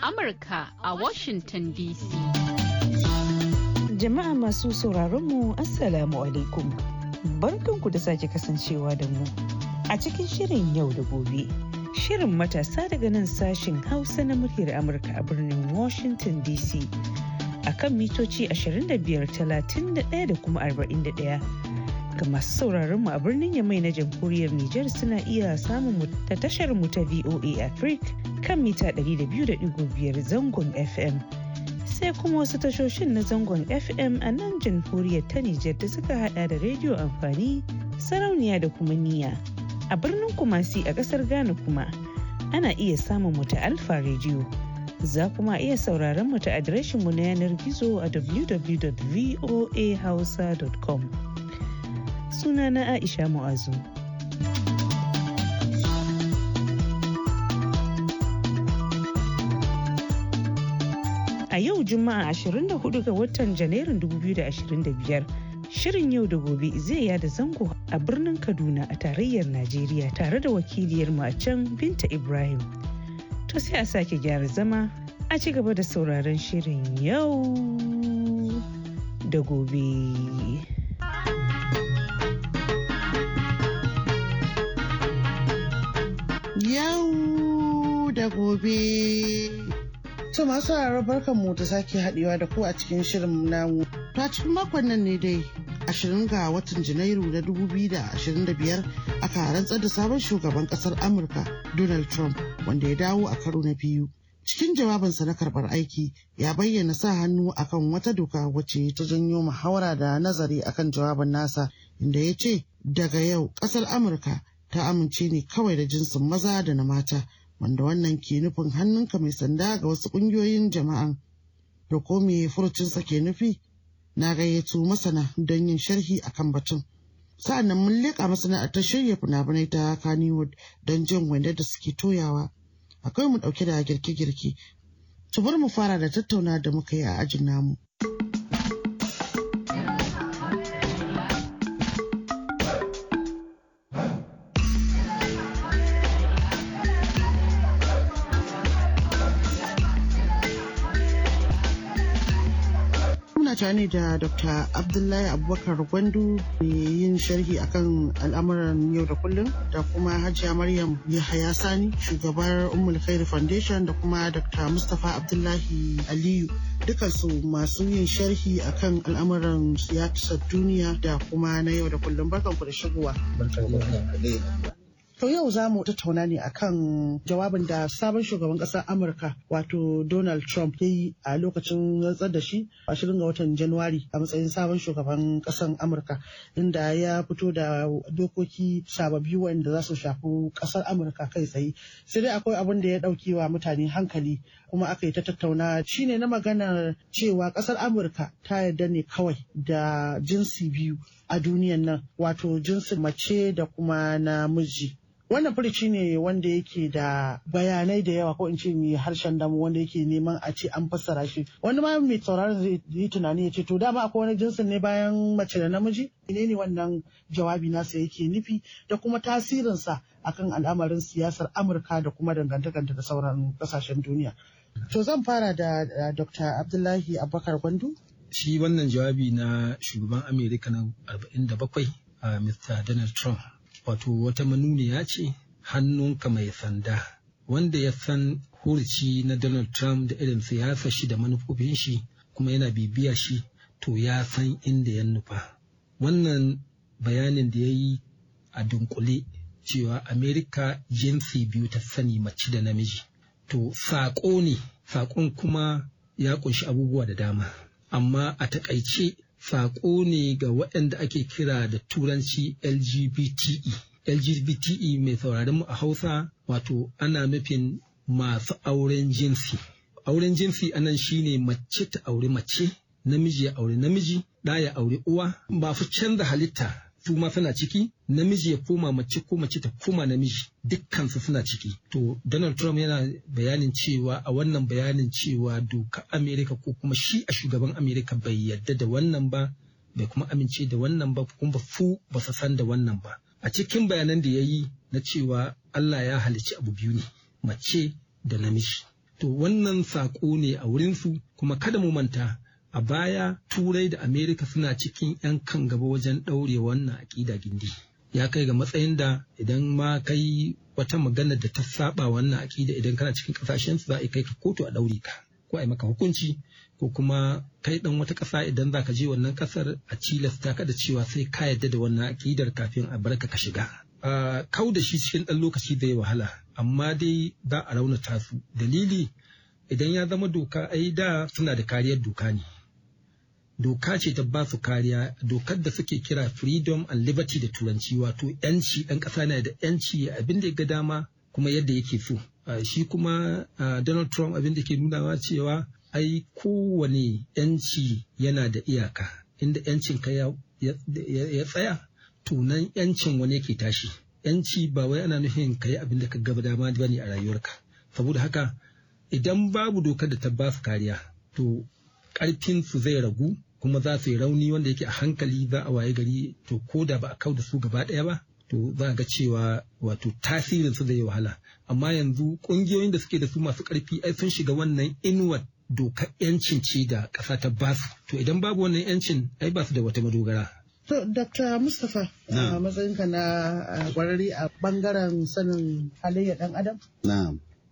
A Amurka a Washington DC. Jama'a masu sauraronmu Assalamu alaikum. Barkanku da sake kasancewa da mu a cikin shirin yau da gobe. Shirin matasa daga nan sashin Hausa na muryar Amurka a birnin Washington DC. A kan mitoci 25, 31 da kuma 41. ga masu sauraron mu a birnin Yamai na jamhuriyar Nijar suna iya samun mu ta tashar mu ta VOA Africa kan mita 200.5 zangon FM. Sai kuma wasu tashoshin na zangon FM a nan jamhuriyar ta Nijar da suka hada da rediyo amfani, sarauniya da kuma niya. A birnin Kumasi a kasar Ghana kuma ana iya samun mu Alfa rediyo Za kuma iya sauraron mu ta adireshin mu na yanar gizo a www.voahausa.com. Sunana Aisha Mu'azu. Juma'a 24 ga watan Janairun 2025. Shirin yau da gobe zai yada zango a birnin Kaduna a tarayyar Najeriya tare da wakiliyar mu a can Binta Ibrahim. To sai a sake gyara zama a ci gaba da sauraron shirin yau da gobe. Yau da gobe. To masu sauraro barkan mu ta sake haɗewa da ku a cikin shirin namu. To a cikin makon nan ne dai 20 ga watan Janairu na 2025 aka rantsar da sabon shugaban ƙasar Amurka Donald Trump wanda ya dawo a karo na biyu. Cikin jawabinsa na karɓar aiki ya bayyana sa hannu akan wata doka wacce ta janyo muhawara da nazari akan jawabin nasa inda ya ce daga yau ƙasar Amurka ta amince ne kawai da jinsin maza da na mata wanda wannan ke nufin hannunka mai sanda ga wasu ƙungiyoyin jama'an da ko me furucinsa ke nufi na gayyato masana don yin sharhi a kan batun sa'annan mun leƙa masana'antar shirya fina-finai ta kaniwood don jin wanda da suke toyawa akwai mu ɗauke da girke-girke. Tubar mu fara da tattauna da muka yi a ajin namu. tare ne da Dr. Abdullahi Abubakar Gwandu mai yin sharhi akan al'amuran yau da kullum da kuma Hajiya Maryam Yahaya Sani shugabar Ummul Khair Foundation da kuma Dr. Mustapha Abdullahi Aliyu dukansu masu yin sharhi akan al'amuran siyasar duniya da kuma na yau da kullum barkanku da shigowa. To yau za mu tattauna ne akan jawabin da sabon shugaban ƙasar Amurka wato Donald Trump ya yi a lokacin rantsar da shi shirin ga watan Januwari a matsayin sabon shugaban ƙasar Amurka inda ya fito da dokoki sababbi wanda za su shafi ƙasar Amurka kai tsaye. Sai dai akwai abin da ya ɗauki wa mutane hankali kuma aka yi ta tattauna Shi ne na maganar cewa ƙasar Amurka ta yarda ne kawai da jinsi biyu a duniyan nan wato jinsin mace da kuma namiji. wannan furici ne wanda yake da bayanai da yawa ko in ce mai harshen damu wanda yake neman a ce an fassara shi wani ma mai sauraron zai yi tunani ya ce to dama akwai wani jinsin ne bayan mace da namiji ne ne wannan jawabi nasa yake nufi da kuma tasirinsa akan al'amarin siyasar amurka da kuma dangantakanta da sauran kasashen duniya to zan fara da dr abdullahi abubakar gwandu shi wannan jawabi na shugaban amerika na 47 mr donald trump wato wata manuniya ce hannunka mai sanda wanda ya san hurci na Donald Trump da irin siyasa shi da manufofin shi kuma yana bibiya shi to ya san inda ya nufa. Wannan bayanin da ya yi a dunkule cewa Amerika jinsi biyu ta sani mace da namiji. To saƙo ne, saƙon kuma ya ƙunshi abubuwa da dama. Amma a taƙaice saƙo ne ga waɗanda ake kira da turanci LGBTE. LGBTE mai sauraron mu a Hausa wato ana nufin masu auren jinsi. Auren jinsi anan shine mace ta auri mace, namiji ya auri namiji, ɗa ya auri uwa, ba su canza halitta su ma suna ciki namiji ya koma mace ko mace ta koma namiji dukkansu suna ciki to donald trump yana bayanin cewa a wannan bayanin cewa doka amerika ko kuma shi a shugaban amerika bai yadda da wannan ba bai kuma amince da wannan ba kuma ba fu ba su san da wannan ba a cikin bayanan da ya yi na cewa allah ya halicci abu biyu ne mace da namiji to wannan saƙo ne a wurinsu kuma kada mu manta a baya turai da amerika suna cikin 'yan kan gaba wajen ɗaure wannan aƙida gindi ya kai ga matsayin da idan ma kai wata magana da ta saba wannan aƙida idan kana cikin ƙasashen su za a kai ka kotu a ɗaure ka ko a yi maka hukunci ko kuma kai ɗan wata ƙasa idan za ka je wannan ƙasar a cilasta ka da cewa sai ka yadda da wannan aƙidar kafin a barka ka shiga kau da shi cikin ɗan lokaci zai wahala amma dai za a raunata su dalili idan ya zama doka ai da suna da kariyar doka ne doka ce ta ba su kariya dokar da suke kira freedom and liberty da turanci wato yanci ɗan ƙasa na da yanci abin da ya ga dama kuma yadda yake so shi kuma donald trump abin da ke nunawa cewa ai kowane yanci yana da iyaka inda yancin ka ya tsaya tunan yancin wani yake tashi yanci ba wai ana nufin ka yi abin da ka gaba dama ba ne a rayuwarka saboda haka idan babu dokar da ta ba su kariya to su zai ragu kuma za su yi rauni wanda yake a hankali za a waye gari to ko da ba a kau da su gaba ɗaya ba to za ga cewa wato tasirin su zai wahala amma yanzu ƙungiyoyin da suke da su masu karfi ai sun shiga wannan inuwar dokar yancin ce da ƙasa ta bas to idan babu wannan yancin ai ba su da wata madogara To, Dr. Mustapha, a matsayinka na kwararri a bangaren sanin halayya ɗan adam?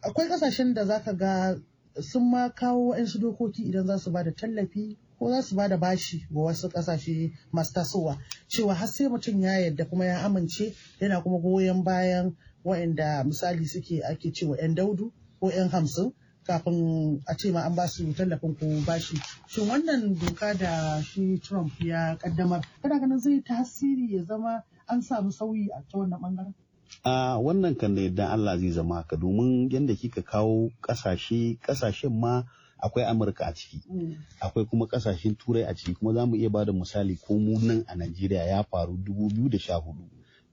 Akwai kasashen da zaka ga sun ma kawo 'yan dokoki idan za su ba da tallafi ko za su bada bashi ga wasu kasashe masu tasowa cewa har sai mutum ya yarda kuma ya amince yana kuma goyon bayan waɗanda misali suke ake cewa 'yan daudu ko 'yan hamsin kafin a ce ma an ba su tallafin ko bashi shin wannan doka da shi trump ya kaddamar kana ganin zai tasiri ya zama an samu sauyi a ta wannan bangaren a wannan kan da yadda allah zai zama ka domin yadda kika kawo kasashe kasashen ma akwai amurka a ciki mm. akwai kuma kasashen turai a ciki kuma za mu iya ba da misali ko mu a najeriya ya faru 2014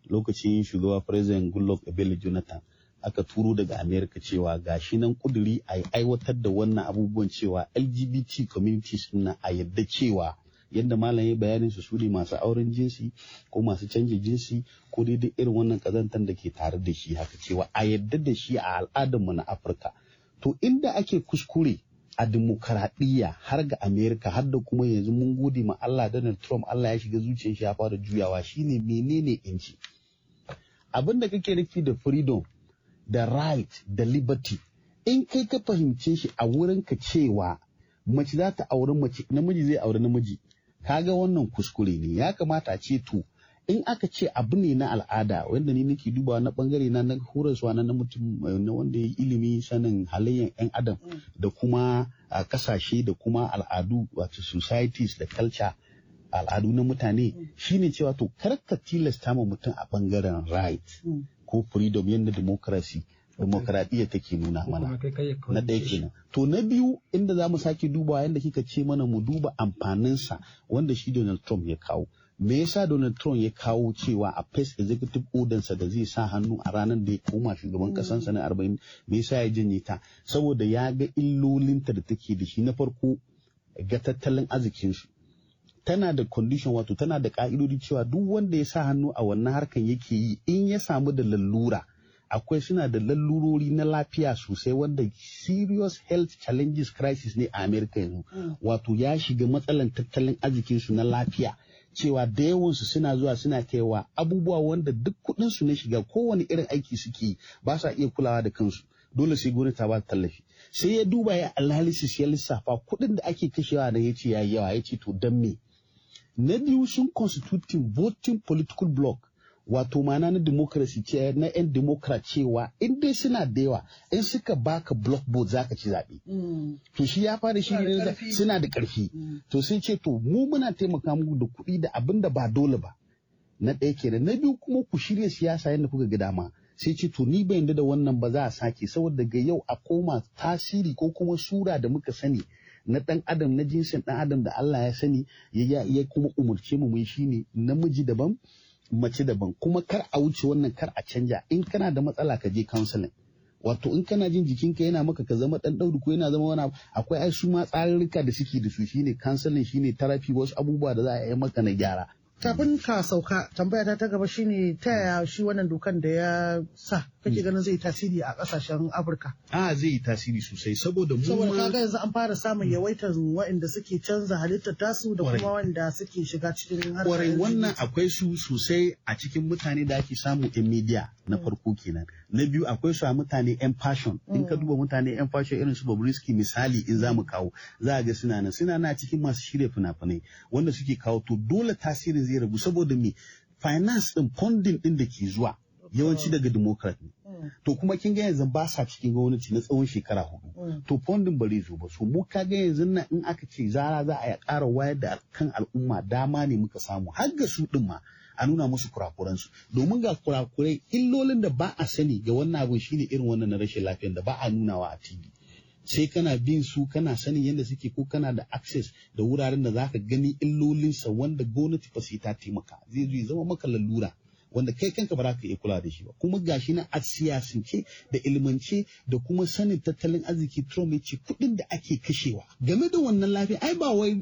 lokacin shugaba president goodluck ebele jonathan aka turo daga amerika cewa gashi nan kuduri a aiwatar da wannan abubuwan cewa lgbt communities na a yadda cewa yadda malam ya bayanin su su ne masu auren jinsi ko masu canje jinsi ko daidai irin wannan kazantar da ke tare da shi haka cewa a yadda da shi a al'adarmu na afirka to inda ake kuskure a dimokuraɗiyya har ga amerika har da kuma yanzu mun gode ma allah donald trump allah ya shiga zuciyar shi ya fara juyawa shine menene inci abin da kake nufi da freedom da right da liberty in kai ka fahimce shi a wurinka cewa mace za ta auri mace namiji zai auri namiji kaga wannan kuskure ne ya kamata a ce to in aka ce abu ne na al'ada wanda ni nake dubawa na bangare na na horaswa na mutum eh, na wanda ya ilimi sanin halayyar yan adam mm. da kuma a kasashe da kuma al'adu wato societies da culture al'adu na mutane mm. shine cewa to karka tilasta ma mutum a bangaren right mm. ko freedom yadda democracy demokaradiyya take nuna mana na ɗaya kenan to na biyu inda za mu sake dubawa yadda kika ce mana mu duba amfaninsa wanda shi donald trump ya kawo me yasa Donald Trump ya kawo cewa a first executive order da zai sa hannu a ranar da ya koma shugaban sa na 40 me yasa ya janye ta saboda ya ga ta da take da shi na farko ga tattalin arzikin shi tana da condition wato tana da ka'idodi cewa duk wanda ya sa hannu a wannan harkan yake yi in ya samu da lallura akwai suna da lallurori na lafiya sosai wanda serious health challenges crisis ne a america yanzu mm. wato ya shiga matsalan tattalin arzikin su na lafiya cewa da yawansu suna zuwa suna kaiwa abubuwa wanda duk kuɗinsu na shiga kowane irin aiki suke ba sa iya kulawa da kansu dole sai gwamnati ta ba tallafi sai ya duba ya analysis ya lissafa kudin da ake kashewa da ya ce ya yawa ya ce to dan me na biyu sun constituting voting political block wato mana na democracy ce na 'yan democrat cewa in dai suna da yawa in suka baka block za zaka ci zaɓe. Mm. To shi ya fara shi ne suna da ƙarfi. Mm. To sai ce to mu muna taimaka muku da kuɗi da abin da ba dole ba. Na ɗaya kenan na biyu kuma ku shirya siyasa yadda kuka ga dama. sai ce to ni bai yarda da wannan ba za a sake saboda daga yau a koma tasiri ko kuma sura da muka sani na ɗan adam na jinsin ɗan adam da Allah ya sani ya kuma umurce mu mun shine namiji daban mace daban kuma kar a wuce wannan kar a canja in kana da matsala ka je counseling wato in kana jin jikinka yana maka ka zama dan dauri ko yana zama wani akwai ai su ma tsarurruka da suke da su shine counseling shine therapy wasu abubuwa da za a yi maka na gyara kafin ka sauka tambaya ta gaba shine ta yaya shi wannan dokan da ya sa kake hmm. ganin zai tasiri a kasashen Afirka a zai tasiri sosai saboda mu saboda kaga yanzu an fara samun hmm. yawaitar waɗanda suke canza halittar tasu da kuma wanda suke shiga cikin harkar kwarai wannan akwai su sosai a cikin mutane da ake samu in media na hmm. farko kenan na biyu akwai su a mutane yan fashion in ka duba mutane yan fashion irin su Bobrisky misali in zamu kawo za ga suna nan suna na cikin masu shirya fina-finai wanda suke kawo to dole tasirin zai rabu saboda me finance din funding din da ke zuwa yawanci daga democrat ne mm. to kuma kin ga yanzu ba sa cikin gwamnati na tsawon shekara hudu mm. to funding ba zai zo ba so mu ka ga yanzu nan in aka ce zara za a ƙara wayar da kan al'umma dama ne muka samu har ga su din ma a nuna musu kurakuransu domin ga kurakurai illolin da ba a sani ga wannan abin shine irin wannan na rashin lafiyar da ba a nunawa a tv sai kana bin su kana sanin yadda suke ko kana da access da wuraren da za ka gani illolinsa wanda gwamnati ba sai ta taimaka zai zo zama maka lalura wanda kai kanka ba za ka iya kula da shi ba kuma gashi na a siyasance da ilmance da kuma sanin tattalin arziki Trump ya ce kuɗin da ake kashewa game da wannan lafiya ai ba wai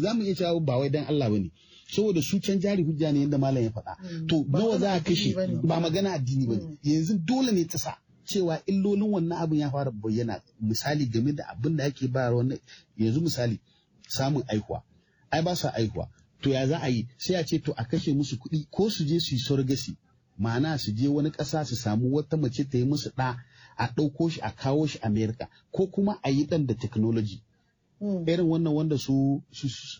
za mu iya cewa ba wai dan Allah bane saboda su can jari hujja ne yadda malam ya faɗa mm, to nawa za a kashe ba magana addini bane mm. yanzu dole ne ta sa cewa illolin wannan abin ya fara bayyana misali game da abin da ake ba wani yanzu misali samun aihuwa ai ba su aihuwa to ya za a yi sai a ce to a kashe musu kuɗi ko su je su yi sorgasi ma'ana su je wani ƙasa su samu wata mace ta yi musu ɗa a ɗauko shi a kawo shi amerika ko kuma a yi ɗan da technology hmm. irin wannan wanda su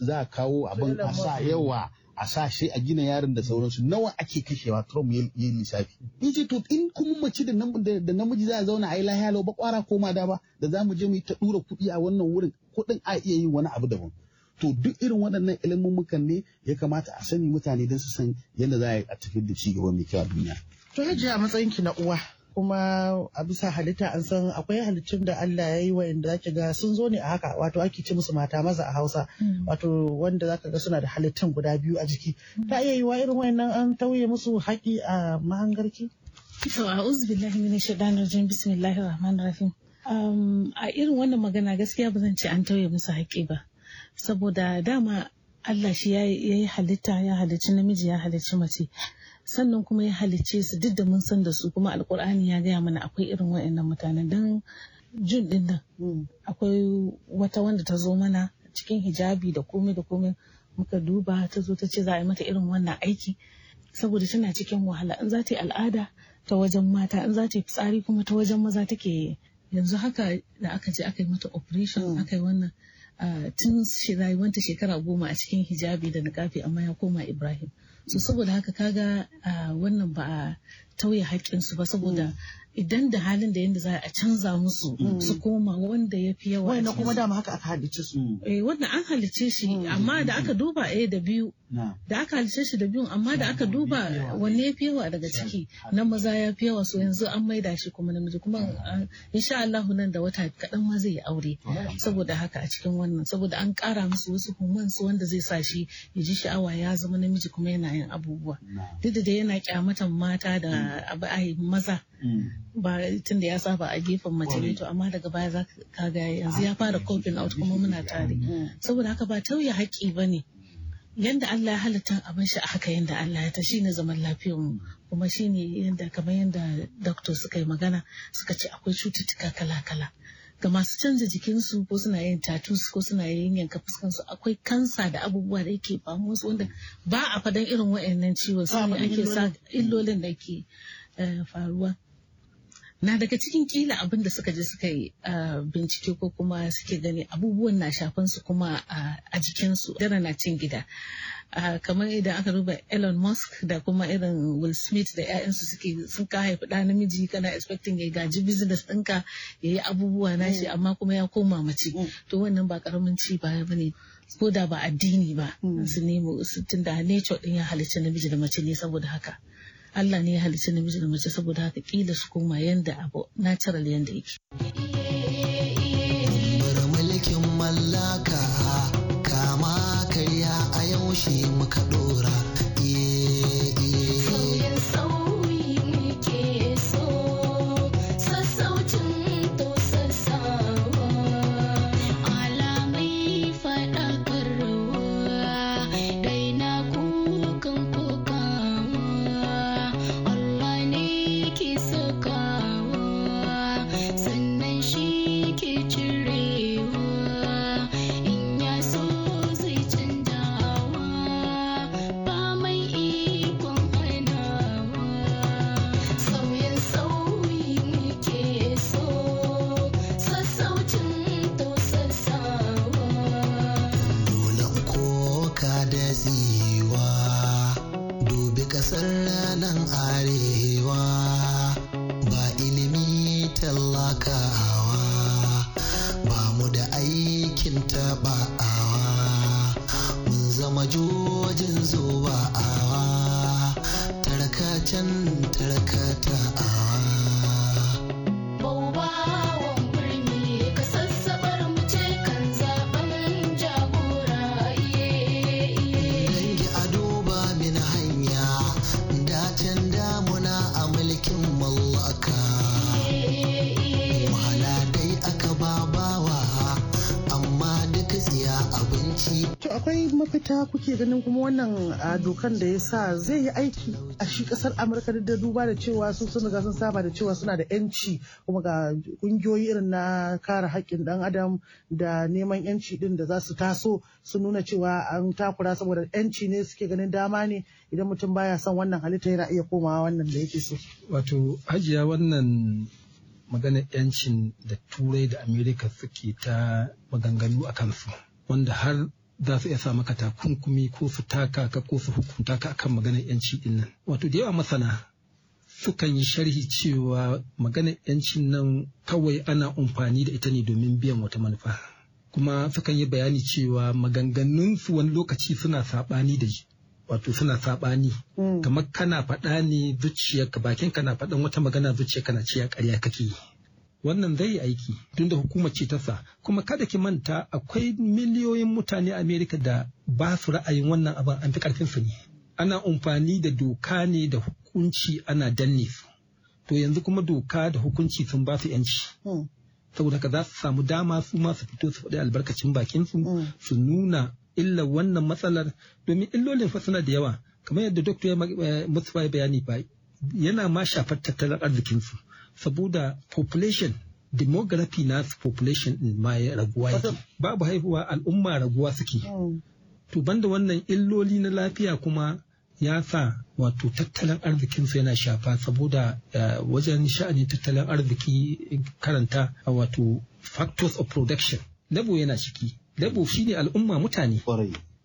za a kawo abin a sa yawa a sashe a gina yaron da sauransu nawa ake kashewa Trump ya yi lissafi. Ya ce to in kuma mace da namiji za a zauna a yi lahiya lau ba kwara ko da ba da za mu je mu yi ta dura kuɗi a wannan wurin kuɗin a iya yin wani abu daban. To duk irin waɗannan ilimin ne ya kamata a sani mutane don su san yadda za a tafi da cigaba mai kyau a duniya. To hajji a matsayin ki na uwa kuma a bisa halitta an san akwai halittun da Allah ya yi wa'inda ki ga sun zo ne a haka wato ake ci musu mata maza a Hausa mm. wato wanda zaka ga suna da halittun guda biyu a jiki ta iya wa irin wayannan an tauye musu haƙi a mahangarki to a'udhu billahi minash bismillahi rahman rahim um, a irin wannan magana gaskiya ba zan ce an tauye musu haƙi ba saboda dama Allah shi ya yi halitta ya halicci namiji ya halicci mace sannan kuma ya halicce su duk da mun san da su kuma alkur'ani ya gaya mana akwai irin wa'annan mutanen don jun din nan hmm. akwai wata wanda ta zo mana cikin hijabi da komai da komai muka duba ta zo ta ce za a yi mata irin wannan aiki saboda tana cikin wahala in za ta yi al'ada ta wajen mata in za ta yi fitsari kuma ta wajen maza take yanzu haka da aka je aka yi mata operation hmm. aka yi wannan tun rayuwanta shekara goma a cikin hijabi da niƙafi amma ya koma ibrahim so saboda haka kaga wannan ba a tauye haƙƙinsu ba saboda idan da halin da yadda za a canza musu mm. su koma wanda ya fi yawa wannan kuma dama haka aka halice su mm. eh wannan an halice shi mm. amma da aka duba A eh, da biyu da aka halice shi da biyu amma da aka duba wanne ya fi yawa daga ciki na maza ya fi yawa so yanzu an maida shi kuma namiji kuma ah, insha Allah nan da wata kaɗan ma zai yi aure saboda haka a cikin wannan saboda an ƙara musu wasu hormones wanda zai sa shi ya ji sha'awa ya zama namiji kuma yana yin abubuwa duk da yana kyamatan mata da maza ba tun da ya saba a gefen mace ne to amma daga baya za ka ga yanzu ya fara coping out kuma muna tare saboda haka ba tauye haƙƙi ba ne yanda Allah ya halatta abin shi a haka yanda Allah ya ta shi ne zaman lafiyar mu kuma shi ne yanda kamar yanda doctor suka yi magana suka ce akwai cututtuka kala-kala ga masu canza jikinsu ko suna yin tattoos ko suna yin yanka fuskansu akwai kansa da abubuwa da yake famu wanda ba a fadan irin wa'annan ciwon su ake sa illolin da ke eh, faruwa na daga cikin kila abin da suka je suka yi bincike ko kuma suke gani abubuwan na shafan su kuma a jikinsu dara na cin gida kamar idan aka duba elon musk da kuma irin will smith da 'ya'yansu suke sun ka haifi ɗa namiji kana expecting ya gaji business ɗinka ya yi abubuwa nashi mm. amma kuma ya koma mace mm. to wannan ba karamin ci ba ya bane ko da ba addini ba mm. su nemo tunda nature din ya halicci namiji da mace ne saboda haka Allah ne ya halicci namiji da mace saboda haka kila su koma yanda abu natural yanda yake. Bar mallaka kama karya a yaushe muka dora. Eh, eh. Sauyin sauyi ke so, sassa can talaka ta a ita kuke ganin kuma wannan dokan da ya sa zai yi aiki a shi kasar amurka da duba da cewa sun sun ga sun saba da cewa suna da yanci kuma ga kungiyoyi irin na kare haƙƙin dan adam da neman yanci din da za su taso su nuna cewa an takura saboda yanci ne suke ganin dama ne idan mutum baya son wannan halitta yana iya komawa wannan da yake so wato hajiya wannan maganar yancin da turai da amerika suke ta maganganu a kansu wanda har za su iya sa maka takunkumi ko su taka ka ko su hukunta ka akan maganar yanci din nan wato da yawa masana sukan yi sharhi cewa maganar yancin nan kawai ana amfani da ita ne domin biyan wata manufa kuma sukan yi bayani cewa maganganun su wani lokaci suna saɓani da wato suna saɓani mm. kamar kana faɗa ne zuciyarka bakin kana faɗan wata magana zuciyarka na ciya ƙarya kake yi wannan zai yi aiki da hukumar ce ta sa kuma kada ki manta akwai miliyoyin mutane a Amerika da ba su ra'ayin wannan abin an fi karfin su ne ana amfani da doka ne da hukunci ana danne su to yanzu kuma doka da hukunci sun ba su yanci hmm. saboda ka za su samu dama su ma su fito su faɗi albarkacin bakin su hmm. su nuna illa wannan matsalar domin illolin fa suna da yawa kamar yadda doktor ya eh, bayani ba yana ma shafar tattalin arzikinsu saboda population demography na population din ma ya raguwa yake babu haihuwa al'umma raguwa suke hmm. to banda wannan illoli na lafiya kuma ya sa wato tattalin arzikinsu yana shafa saboda eh, wajen sha'anin tattalin arziki karanta wato factors of production labo yana ciki labo shine al'umma mutane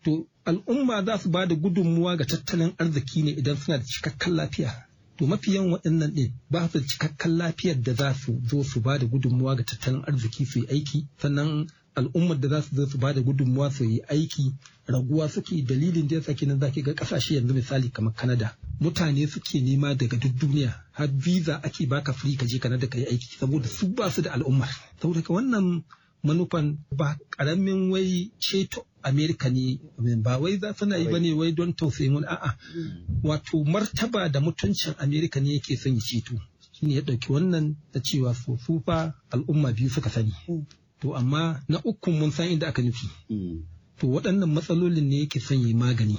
to al'umma za su ba da gudunmuwa ga tattalin arziki ne idan suna da cikakken lafiya to mafiyan waɗannan ɗin ba su cikakken lafiyar da za su zo su ba da gudunmuwa ga tattalin arziki su yi aiki sannan al'ummar da za su zo su ba da gudunmuwa su yi aiki raguwa suke dalilin da ya sake nan zaki ga kasashe yanzu misali kamar kanada. mutane suke nema daga duk duniya har visa ake baka firi ka je Canada ka yi aiki saboda su ba su da al'ummar saboda wannan manufan ba karamin wai ceto Amerika ne ba wai za suna yi ne wai don tausayin wani a'a mm. wato martaba da mutuncin Amerika ne yake son ceto shine ya ɗauki wannan da cewa fa al'umma biyu suka sani mm. to amma na uku mun san inda aka nufi mm. to waɗannan matsalolin ne yake sanya magani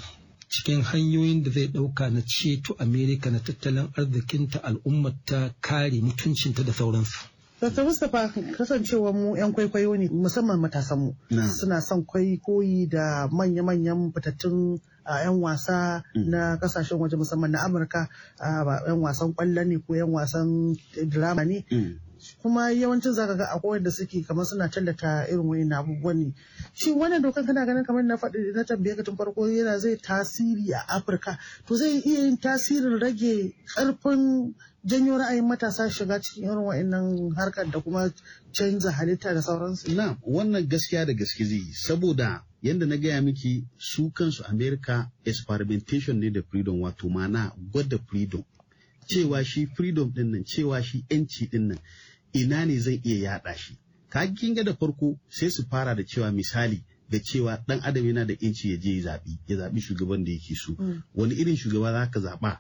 cikin hanyoyin da zai ɗauka na ceto Amerika na tattalin arzikinta ta kare mutuncinta da sauransu. Dr. Mustapha kasancewa mu 'yan kwaikwayo ne musamman matasan mu suna son kwaikwayi da manya-manyan fitattun a 'yan wasa mm. na kasashen waje musamman na Amurka ba 'yan wasan kwallo ne ko 'yan wasan drama ne. Mm. kuma yawancin zaka ga akwai wanda suke kamar suna tallata irin wani abubuwan ne shi wannan dokan kana ganin kamar na faɗi na tambaye ka tun farko yana zai tasiri a afirka to zai iya yin tasirin rage karfin janyo ra'ayin matasa shiga cikin irin wa'annan harkar da kuma canza halitta da sauransu? Na, wannan gaskiya da gaske zai yi, saboda yadda na gaya miki su kansu America experimentation ne da freedom wato mana gwada freedom. Cewa shi freedom din cewa shi 'yanci dinnan ina ne zai iya yaɗa shi. Ka ga da farko sai su fara da cewa misali da cewa ɗan adam yana da 'yanci ya je ya zaɓi, ya zaɓi shugaban da yake so. Mm. Wani irin shugaba za ka zaɓa?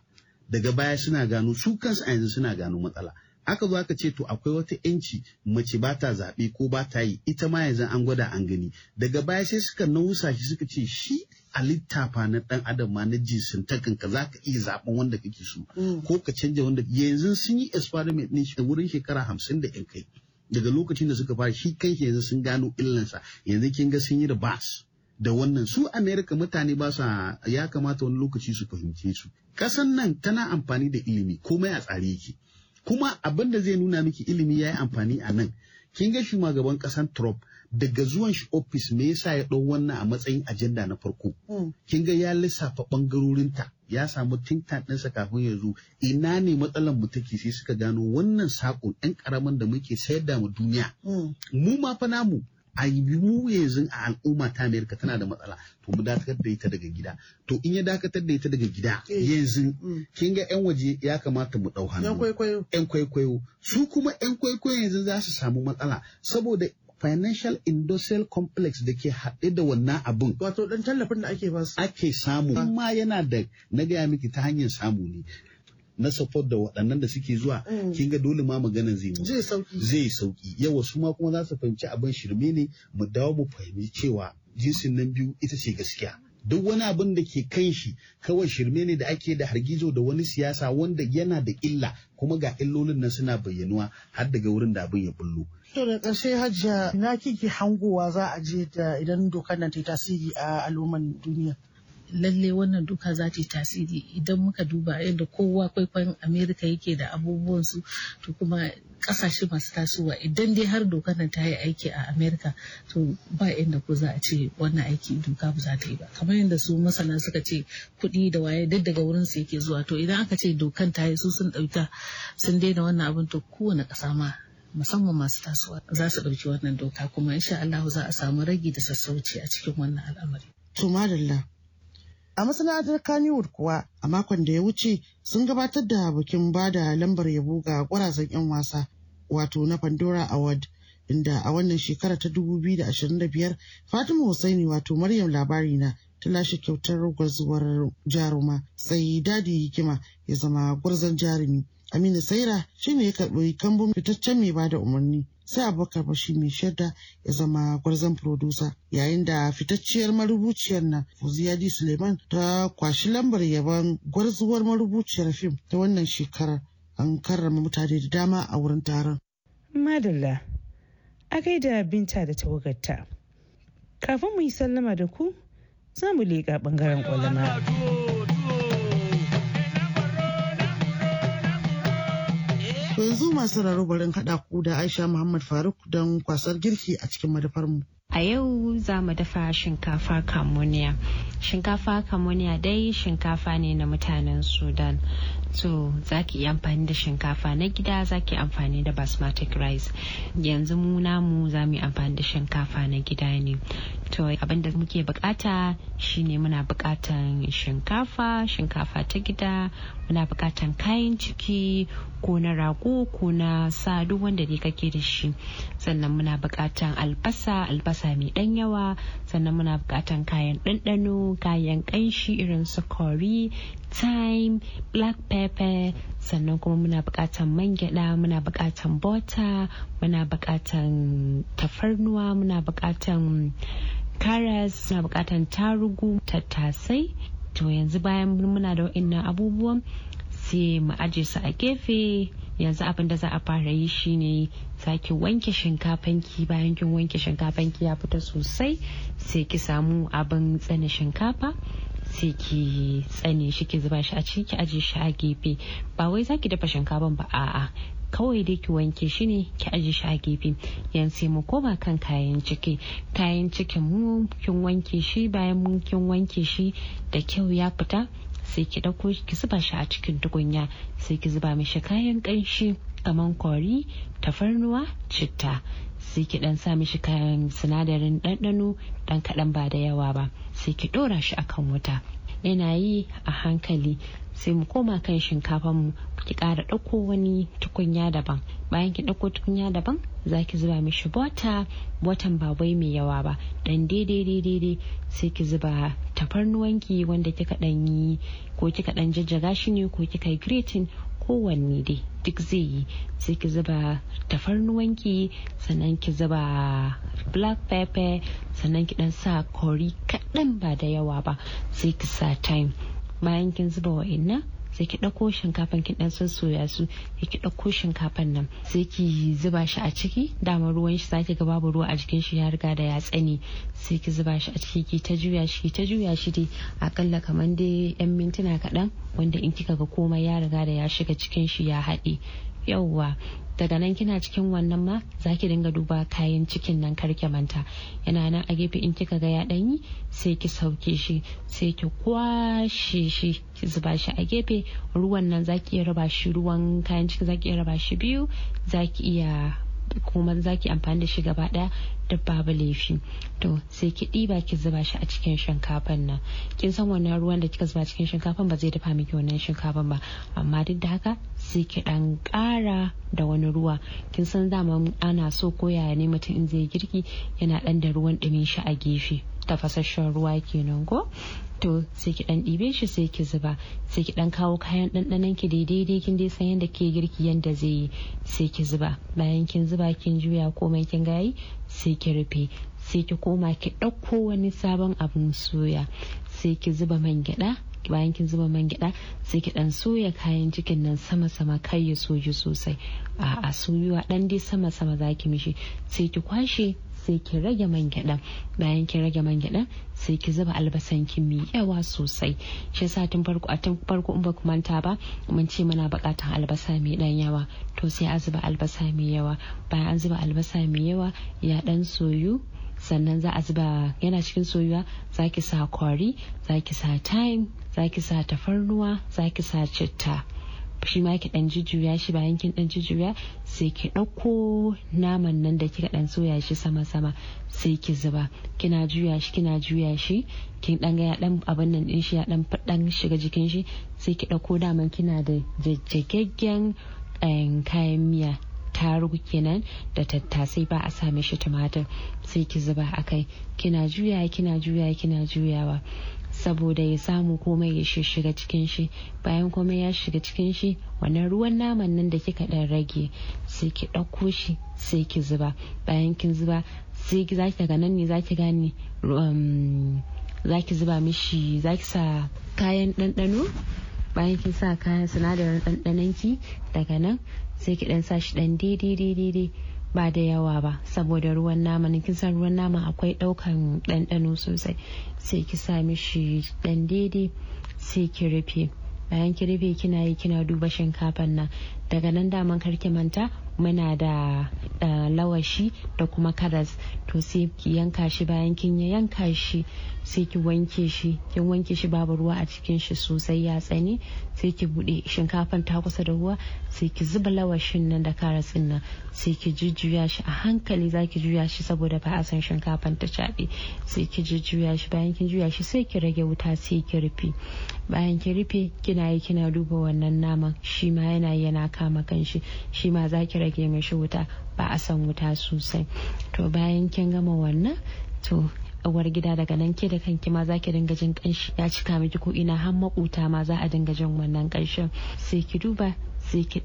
daga baya suna gano su kansu a yanzu suna gano matsala aka zo aka ce to akwai wata yanci mace ba ta zaɓe ko ba ta yi ita ma yanzu an gwada an gani daga baya sai suka nausa shi suka ce shi a littafa na ɗan adam ma na jinsin takan ka za ka iya zaɓen wanda kake so mm. ko ka canja wanda yanzu sun yi experiment ne wurin shekara hamsin da yan kai daga lokacin da suka fara shi kan yanzu sun gano illansa yanzu kin ga sun yi da bas da wannan su Amerika mutane ba sa ya kamata wani lokaci su fahimce su. Kasan nan tana amfani da ilimi komai a tsare yake. Kuma abin da zai nuna miki ilimi ya yi amfani a nan. Kin ga shugaban kasan Trump daga zuwan shi ofis me yasa ya ɗau wannan a matsayin ajanda na farko. Hmm. Kin ga ya lissafa ɓangarorinta ya samu tinta ɗinsa kafin ya zo ina ne matsalar mu take sai suka gano wannan saƙo ɗan ƙaramin da muke sayar da mu duniya. Hmm. Mu ma fa namu a yi mu yanzu a al'umma ta Amerika tana da matsala to mu dakatar da ita daga gida to in ya dakatar da ita daga gida eh. yanzu mm. kin ga yan waje ya kamata mu dau hannu yan kwaikwayo su kuma yan kwaikwayo yanzu za su samu matsala saboda financial industrial complex da ke haɗe da wannan abun. Wato dan tallafin da ake su. Ake samu. Ah. Amma yana da na gaya miki ta hanyar samu ne. na support da waɗannan da suke zuwa mm. kin ga dole ma maganan zai zai sauki zai sauki yawa su ma kuma za su fahimci abin shirme ne mu dawo mu fahimci cewa jinsin nan biyu ita ce gaskiya duk wani abin da ke kan shi kawai shirme ne da ake da hargizo da wani siyasa wanda yana da illa kuma ga illolin nan suna bayyanuwa har daga wurin da abin ya bullo. To da ƙarshe hajja na kike hangowa za a je da idan dokar nan ta yi tasiri a al'umman duniya. lallai wannan doka za ta yi tasiri idan muka duba yadda kowa kwaikwayon amerika yake da abubuwansu to kuma kasashe masu tasowa idan dai har doka nan ta yi aiki a amerika to ba inda ko za a ce wannan aiki doka ba za ta yi ba kamar yadda su masana suka ce kuɗi da waye duk daga wurin su yake zuwa to idan aka ce dokan ta yi su sun ɗauka sun daina wannan abin to kowane ƙasa ma musamman masu tasowa za su ɗauki wannan doka kuma insha Allah za a samu ragi da sassauci a cikin wannan al'amari. To madalla A masana'antar Kannywood kuwa a makon da ya wuce sun gabatar da bikin bada lambar yabo ga ƙwarazan 'yan wasa wato na Pandora Award. Inda a wannan shekara ta 2025 Fatima Hussaini wato Maryam labari na ta lashe kyautar gwarzuwar jaruma sai dadi hikima ya zama gwarzon jarumi Aminu Saira shi ne ya karɓi kambun fitaccen mai bada umarni sai Abubakar bashi mai shaida ya zama gwarzon furodusa yayin da fitacciyar marubuciyar na. Fuziyadi Suleiman ta kwashi lambar yaban gwarzuwar marubuciyar fim ta wannan shekarar an karrama mutane da dama a wurin taron. Madalla, a gaida binta da tawagarta. Kafin mu yi sallama da ku, za mu leƙa ɓangaren ƙwalama. To yanzu masu raro barin haɗa ku da Aisha Muhammad Faruk don kwasar girki a cikin madafarmu. A yau za mu dafa shinkafa kamuniya. Shinkafa kamuniya dai shinkafa ne na mutanen Sudan. so za ki yi amfani da shinkafa na gida za ki amfani da basmatic rice yanzu mu namu za mu yi amfani da shinkafa na gida ne to abin da muke bukata shine muna bukatan shinkafa shinkafa ta gida muna bukatan kayan ciki ko na rago ko na sa duk wanda dai kake da shi sannan muna bukatan albasa albasa mai dan yawa sannan muna bukatan kayan ɗanɗano kayan kanshi irin su kori thyme black pepper sannan kuma muna buƙatar man gyaɗa muna buƙatar butter muna buƙatar tafarnuwa muna buƙatar karas muna buƙatar tarugu tattasai to yanzu bayan muna da waɗannan abubuwan sai mu aje su a gefe yanzu abin da za a fara yi shine sake wanke shinkafanki bayan kin wanke shinkafanki ya fita sosai sai ki samu abin tsane shinkafa sai ki tsane shi ki zuba shi a ciki ki aje shi a gefe ba wai zaki dafa shinkafa ba a'a kawai dai ki wanke shi ne ki aje shi a gefe yan sai mu koma kan kayan ciki kayan cikin mu kin wanke shi bayan mun kin wanke shi da kyau ya fita sai ki dauko ki zuba shi a cikin tukunya sai ki zuba mishi kayan kanshi kaman kori tafarnuwa citta sai ki dan sa mishi kayan sinadarin ɗanɗano dan kaɗan ba da yawa ba sai ki ɗora shi akan wuta yana yi a hankali sai mu koma kan shinkafan mu ki ƙara ɗauko wani tukunya daban bayan ki ɗauko tukunya daban za ki zuba mishi bota watan ba wai mai yawa ba dan daidai daidai sai ki zuba tafarnuwanki wanda kika ɗan yi ko kika ɗan jajjaga shi ne ko kika yi gratin kowanne dai duk zai yi sai ki zuba tafarnuwanki sannan ki zuba black pepper sannan ki dan sa kori kaɗan ba da yawa ba sai ki sa time bayan kin zuba wa'annan sai ki ɗauko shinkafan ki ɗan sassoya su sai ki ɗauko shinkafan nan sai ki zuba shi a ciki dama ruwan shi zaki ga babu ruwa a jikin shi ya riga da ya tsani sai ki zuba shi a ciki ki ta juya shi ki ta juya shi dai akalla kamar dai yan mintuna kaɗan wanda in kika ga komai ya riga da ya shiga cikin shi ya haɗe yauwa daga nan kina cikin wannan ma za ki dinga duba kayan cikin nan karke manta yana nan a gefe in kika ga ya danyi sai ki sauke shi sai ki kwashe shi ki zuba shi a gefe ruwan nan za ki iya raba shi ruwan kayan ciki za ki iya raba shi biyu za ki iya kuma za ki amfani da shi gaba daya dabba babu laifi to sai ki ɗiba ki zuba shi a cikin shinkafan nan kin san wannan ruwan da kika zuba cikin shinkafan ba zai dafa miki wannan shinkafan ba amma duk da haka sai ki ɗan ƙara da wani ruwa kin san dama ana so ko yaya ne mutum in zai girki yana ɗan da ruwan ɗumin shi a gefe tafasasshen ruwa kenan ko to sai ki dan ɗibe shi sai ki zuba sai ki dan kawo kayan ɗanɗanon ki daidai kin dai san yadda ke girki yadda zai yi sai ki zuba bayan kin zuba kin juya komai kin gayi sai ki rufe sai ki koma ki ɗauko wani sabon abin soya sai ki zuba man gyaɗa bayan kin zuba man gyaɗa sai ki ɗan soya kayan cikin nan sama sama kai ya soji sosai a soyuwa ɗan dai sama sama zaki mishi sai ki kwashe sai ki rage man gyaɗan bayan ki rage man gyaɗa sai ki zuba albasan ki mai yawa sosai shi yasa tun farko a tun farko in ba manta ba mun ce muna buƙatar albasa mai ɗan yawa to sai a zuba albasa mai yawa bayan an zuba albasa mai yawa ya ɗan soyu sannan za a zuba yana cikin soyuwa za ki sa kwari za ki sa time za ki sa tafarnuwa za ki sa citta shi ma ki dan jujjuya shi bayan kin dan jujjuya sai ki ɗauko naman nan da kika dan soya shi sama sama sai ki zuba kina juya shi kina juya shi kin dan ga ya dan abin nan din shi ya dan shiga jikin shi sai ki ɗauko daman kina da jajjagaggen eh, kayan miya tarugu kenan da tattasai ba a sa mishi tumatir sai ki zuba a kai kina juya kina juya kina juyawa saboda ya samu komai ya shiga cikin shi bayan komai ya shiga cikin shi wannan ruwan naman nan da kika dan rage sai ki ɗauko shi sai ki zuba bayan kin zuba sai ki zaki daga nan ne zaki gane um, zaki zuba mishi zaki sa kayan ɗanɗano bayan kin sa kayan sinadarin ɗanɗanon ki daga nan sai ki ɗan sa shi ɗan daidai daidai ba da yawa ba saboda ruwan nama na kisan ruwan nama akwai ɗaukan ɗanɗano sosai sai ki sa mishi ɗan daidai sai ki rufe bayan ki rufe kina yi kina duba shinkafan nan daga nan daman karki manta muna da eh, lawashi da kuma karas to sai ki yanka shi bayan kin yanka shi sai ki wanke shi kin wanke shi babu ruwa a cikin shi sosai ya tsane sai ki bude shinkafan ta kusa da ruwa sai ki zuba lawashin nan da karas nan sai ki jujjuya shi a hankali za ki juya shi saboda ba a san shinkafan ta caɓe sai ki jujjuya shi bayan kin juya shi sai ki rage wuta sai ki rufe bayan ki rufe kina yi kina duba wannan naman shi ma yana yana kama kanshi shi ma za ki rage mashi wuta ba a san wuta sosai to bayan kin gama wannan to uwar gida daga nan ke da kanki ma za ki dinga jin kanshi ya cika miki ko ina har makuta ma za a dinga jin wannan kanshin sai ki duba sai ki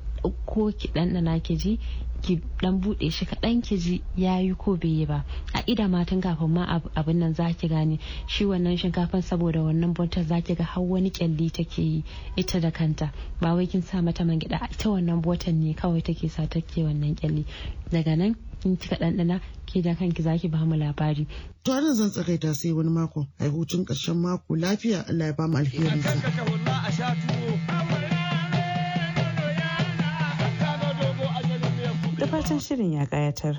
ko ki ɗanɗana ki ji ki ɗan buɗe shi kaɗan ki ji ya yi ko bai yi ba a ida ma tun kafin ma abin nan za ki gane shi wannan shinkafan saboda wannan bontar za ki ga har wani kyalli take yi ita da kanta ba wai kin sa mata man gida ita wannan botan ne kawai take sa take wannan kyalli daga nan in kika ɗanɗana ke da kanki zaki ba mu labari. Tarin zan tsakaita sai wani mako, ai hutun karshen mako lafiya Allah ya ba mu alheri fatan shirin ya kayatar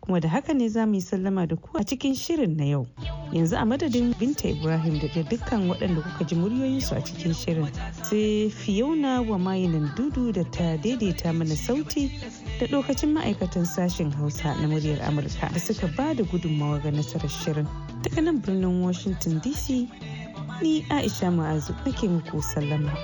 kuma da haka ne za mu yi sallama da ku a cikin shirin na yau yanzu a madadin binta ibrahim da dukkan waɗanda kuka ji muryoyinsu a cikin shirin sai fiyauna wa mayinan dudu da ta daidaita mana sauti da lokacin ma'aikatan sashen hausa na muryar amurka da suka ba da gudunmawa ga nasarar shirin daga nan birnin washington dc ni aisha ma'azu nake muku sallama.